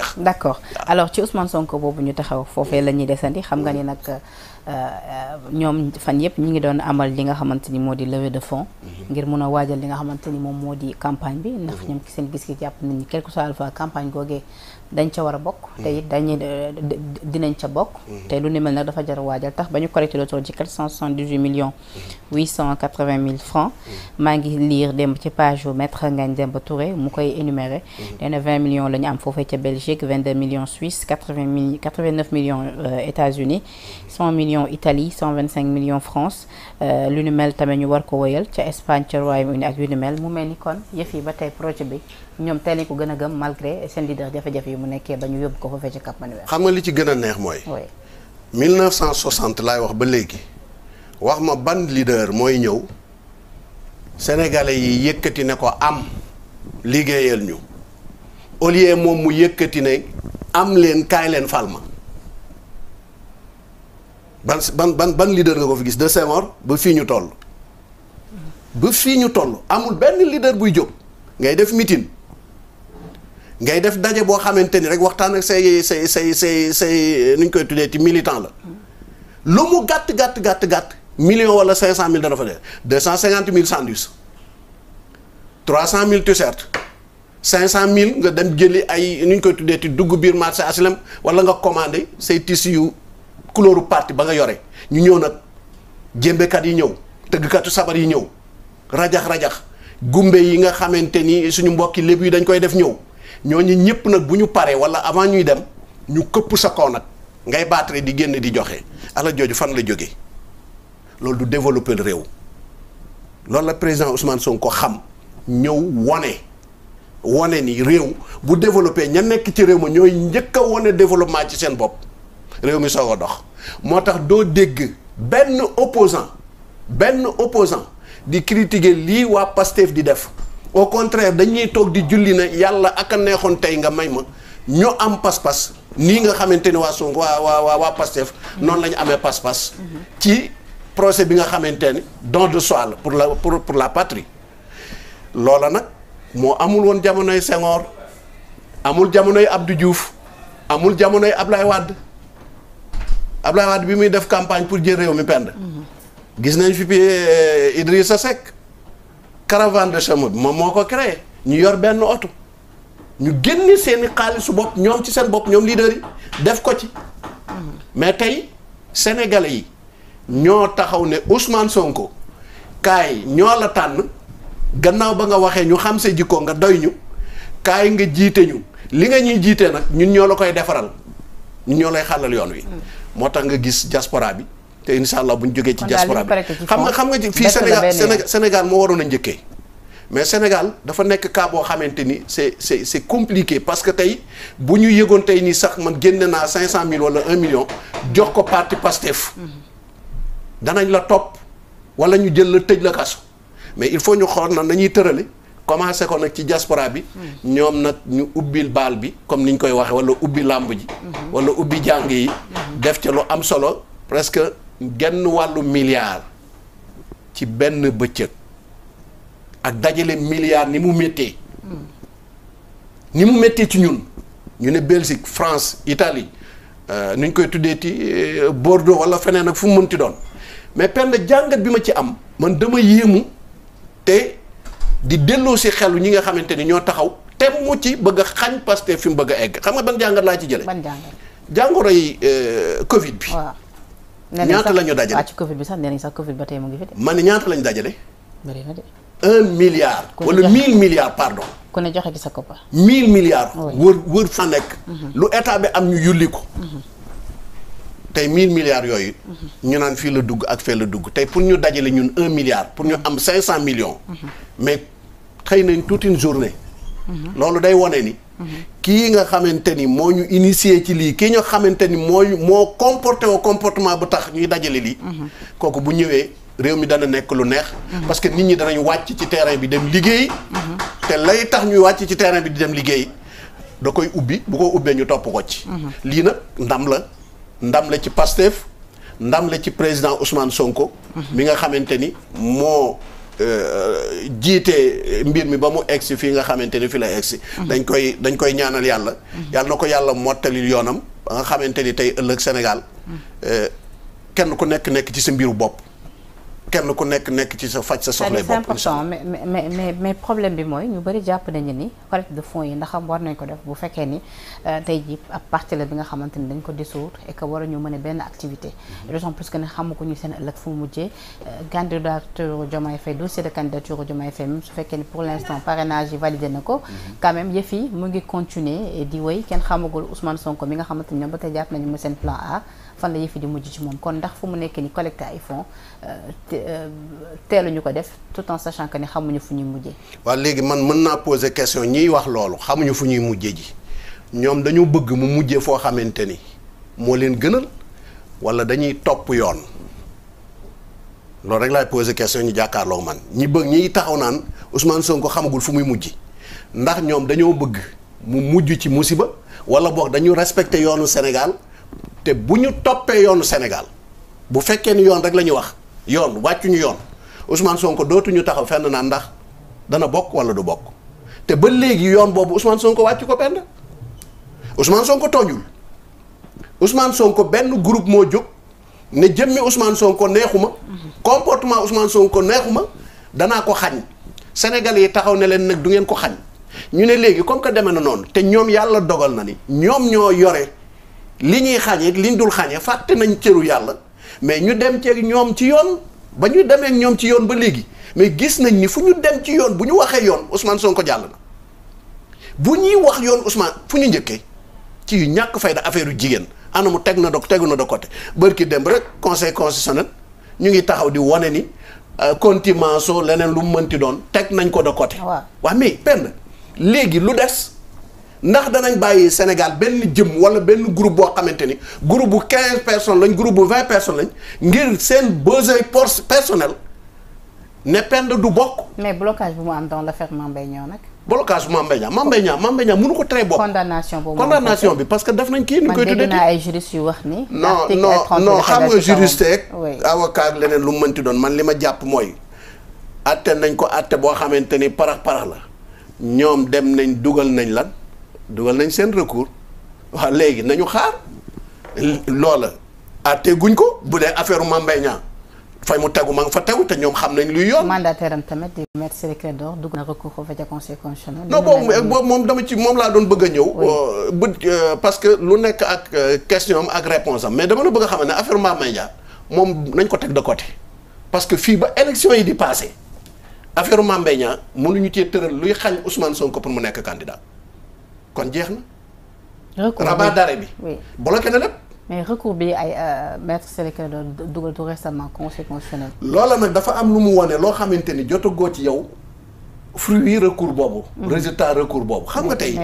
jeex. d' accord alors ci usman sonk boobu ñu taxaw foofee la ñuy desandi xam nga ni nag. ñoom fan yëpp ñi ngi doon amal li nga xamante ni moo di levée de fonds mhm. ngir mun a waajal li nga xamante ni moom moo di campagne bi ndax mhm. ñoom seen gis-gis jàpp nañu quel soit la campagne googee dañ ca war a bokk te it mhm. euh, dinañ ca bokk te lu ni mel nag dafa jar waajal tax ba ñu collecté l'autour ci quatre cent soixante-dix-huit millions huit cent quatre-vingt mille francs maa ngi lire démb ci page yu maître Ngagne Demba mu koy énuméré nee na vingt millions la ñu am foofee ca Belgique vingt-deux millions Suisse quatre-vingt mille millions Italie 125 millions France euh, lu ni mel tamit ñu war ko woyal ca Espagne ca Royaume-Uni ak yu ni mel mu mel ni kon yëf yi ba tey projet bi ñoom tey lañ ko gën a gëm malgré seen leader jafe-jafe yi mu nekkee ba ñu yóbbu ko foofee ca Cap xam nga li ci gën a neex mooy. oui 1960 laay wax ba léegi wax ma ban leader mooy ñëw sénégalais yi yëkkati ne ko am liggéeyal ñu au lieu moom mu yëkkati ne am leen kaay leen fal ban ban ban ban leader nga ko fi gis de Senghor ba fii ñu toll. ba fii ñu toll amul benn leader buy jóg ngay def meeting ngay def daje boo xamante ni rek waxtaan ak say say say say say nu ñu koy tuddee ci militant la. lu mu gàtt gàtt gàtt gàtt million wala cinq cent mille dana fa def cent cinquante mille sandwich trois cent mille t-shirt cinq cent mille nga dem jëli ay nu koy tuddee ci dugg biir marché HLM wala nga commandé say tissus yu. couleur parti ba nga yore ñu ñëw nag jémbekat yi ñëw tëggkatu sabar yi ñëw rajax-rajax gumbe yi nga xamante ni suñu mbokki lépp yi dañ koy def ñëw ñoo ñooñu ñëpp nag bu ñu paree wala avant ñuy dem ñu këpp sa kaw nag ngay baatare di génn di joxe ala jooju fan la jógee loolu du développer le réew loolu la président Ousmane Sonko ko xam ñëw wone wone ni réew bu développé ña nekk ci réew ma ñooy njëkk a wone développement ci seen bopp réew mi soog a dox moo tax doo dégg benn opposant benn opposant di critiquer lii waa Pastef di def au contraire dañuy toog di julli na yàlla ak a neexoon tey nga may ma ñu am pas-pas nii nga xamante ne waa Sonko waa waa waa Pastef noonu la ñu amee pas-pas ci procès bi nga xamante ne don de soi pour la pour pour la patrie loola nag moo amul woon jamonoy Senghor amul jamonoy Abdou Diouf amul jamonoy Ablaye Wade Abdoulaye Wade bi muy def campagne pour jël réew mi pend gis nañ fi pi eh, Idrissa Seck caravane de Chamoun moom moo ko créé ñu yor benn oto ñu génne seen i xaalisu bopp ñoom ci seen bopp ñoom leader yi def ko ci mais tey sénégalais yi ñoo taxaw ne Ousmane Sonko kaay ñoo la tànn gannaaw ba nga waxee ñu xam sa jikko nga doy ñu kaay nga jiite ñu li nga ñuy jiite nag ñun ñoo la koy defaral ñun ñoo lay xàllal yoon wi moo tax nga gis diaspora bi te incha allah bu ñu jógee ci diaspora bi xam nga xam nga ci fii Sénégal Sénégal moo waroon a njëkkee mais Sénégal dafa nekk cas boo xamante ni c'est c'est c'est compliqué parce que tey bu ñu yëgoon tey nii sax man génne naa cinq cent mille wala un million jox ko parti Pastef mm-hmm. danañ la topp wala ñu jël la tëj la kaso mais il faut ñu xool na nañuy tërale commencé ko nag ci diaspora bi. ñoom nag ñu ubbil baal bi comme ni ñu koy waxee wala ubbi làmb ji. wala ubbi jàng yi. def ca lu am solo presque genn wàllu milliard ci benn bëccëg ak dajale milliard ni mu méttee. ni mu mettee ci ñun ñu ne Belgique France Italie euh, nu ñu koy tuddee ci euh, Bordeaux wala feneen ak fu mu mënti doon mais penn jàngat bi ma ci am man dama yéemu te. di delloo si xelu ñi nga xamante ni ñoo taxaw te mu ci bëgg a xañ Pastef fi mu bëgg a egg xam nga ban jàngat laa ci jële ban jàngat jàngoro yi euh, Covid bi. ñaata la ñu dajale waaw ci Covid bi sax nee sax Covid ba tey mu ngi fi de. ma ñaata la ñu dajale. bëri na de. un milliard. wala mille milliards pardon. ku ne joxe ci sa koppar. mille milliards. wër wër fa nekk. Mhm. lu état bi am ñu yulli ko. Mhm. tey 1000 milliards yooyu. ñu naan fii la dugg ak fee la dugg tey pour ñu dajale ñun 1 milliard pour ñu am 500 millions. mais xëy nañ toute une journée. loolu day wone ni. kii nga xamante ni moo ñu initié ci lii kii ñu xamante ni moo mooy moo comporté au comportement bu tax ñuy dajale lii. kooku bu ñëwee réew mi dana nekk lu neex. parce que nit ñi danañ wàcc ci terrain bi dem liggéey. te lay tax ñuy wàcc ci terrain bi di dem liggéey da koy ubbi bu ko ubbee ñu topp ko lii nag ndam la. ndam la ci Pastef ndam la ci président Ousmane Sonko. mi nga xamante ni moo euh, jiite mbir mi ba mu egg si fii nga xamante ni fi la egsi. dañ koy dañ koy ñaanal yàlla. yàlla na ko yàlla mottalil yoonam nga xamante ni tey ëllëg Sénégal euh, kenn ku nekk nekk ci sa mbiru bopp. kenn ku nekk nekk ci sa faj sa soxla bopp important mais mais mais mais problème bi mooy ñu bëri jàpp nañu ni collecte de fonds yi ndax am war nañ ko def bu fekkee ni euh, tey jii ab parti la bi nga xamante ni dañ ko dissoudre et que a ñu mën a benn activité d'autant mhm. plus que ne xamu ko ñu seen ëllëg fu mujjee euh, candidature Diomaye Faye dossier de candidature Diomaye Faye même su fekkee ni pour l'instant parrainage yi validé na ko mhm. quand même yëf mu ngi continuer di wéy kenn xamagul Ousmane Sonko mi nga xamante ni ñoom ba tey jàpp nañu mu fan la yëfi di mujj ci moom kon ndax fu mu nekk ni collecté ay fonds euh, teeluñu ko def tout en sachant que ni xamuñu fu ñuy mujjee. waaw léegi man mën naa poser question ñiy wax loolu xamuñu fu ñuy mujjee ji ñoom dañu bëgg mu mujjee foo xamante ni moo leen gënal wala dañuy topp yoon loolu rek laay poser question ñu jàkkaarloo man ñi bëgg ñiy taxaw naan Ousmane Sonko xamagul fu muy mujj ndax ñoom dañoo bëgg mu mujj ci musiba wala boog dañu respecté yoonu Sénégal. te bu ñu toppee yoonu Sénégal bu fekkee ni yoon rek la ñu wax yoon wàccuñu yoon Ousmane Sonko dootuñu taxaw fenn naan ndax dana bokk wala du bokk te ba léegi yoon boobu Ousmane Sonko wàcc ko benn Ousmane Sonko tooñul Ousmane Sonko benn groupe moo jóg ne jëmmi Ousmane Sonko neexuma comportement Ousmane Sonko neexuma danaa ko xañ Sénégal yi taxaw ne leen nag du ngeen ko xañ ñu ne léegi comme que deme na noonu te ñoom yàlla dogal na ni ñoom ñoo yore li ñuy xàññee li ñu dul xàññee fàtte nañ cëru yàlla mais ñu dem ceeg ñoom ci yoon ba ñu demee ñoom ci yoon ba léegi mais gis nañ ni fu ñu dem ci yoon bu ñu waxee yoon soo ko jàll na bu ñuy wax yoon Ousmane fu ñu njëkkee ci yu ñàkk fayda affaire yu jigéen anamu teg na do tegu na de côté bërki dem rek conseil constitutionnel ñu ngi taxaw di wane ni contiment euh, contumace leneen lu mu mënti doon teg nañ ko de côté. waaw mais benn léegi lu des. ndax danañ bàyyi Sénégal benn jëm wala benn groupe boo xamante ni group bu quinze personne lañ groupe bu vingt personnes lañ ngir seen besoin personnel ne pend du bokk. mais blocage bu mu am dans l'affaire Mame Mbaye Niang nag. blocage bu Mame Mbaye Niang Mame Mbaye Niang mënu ko tere bokk. condamnation boobu condamnation bi parce que def nañ kii. nu koy tuddee man dégg naa ay juristes yu wax ni. non xam nga juriste ak avocat leneen lu mu mënti doon man li ma jàpp mooy. atte nañ ko atte boo xamante ni parax parax la ñoom dem nañ dugal nañ lan. dugal nañ seen recours waaw léegi nañu xaar loola àtte guñ ko bu dee affaire Mame Mbaye Niang fay mu tegu ma fa tegu te ñoom xam nañ luy yoon. mandataire am tamit di maître Ciré Clédor dugg na recours foofu ca conseil constitutionnel. non boobu moom dama ci moom laa doon bëgg a ñëw. Euh, bu euh, que lu nekk ak euh, question am ak réponse am mais dama la bëgg a xam ne affaire Mame Mbaye Niang moom nañ ko teg de côté. parce que fii ba élection yi di passé affaire Mame Mbaye Niang mënuñu cee tëral luy xañ Ousmane Sonko pour mu nekk candidat. kon jeex na. recours bi rabat d'arrêt bi. oui bloqué na lépp. mais recours bi ay euh, maître Ciré doon dugal tout récemment conseil constitutionnel. loola nag dafa am lu mu wane loo xamante ni jotagoo ci yow fruit recours boobu. Mm-hmm. résultat recours boobu xam nga tey.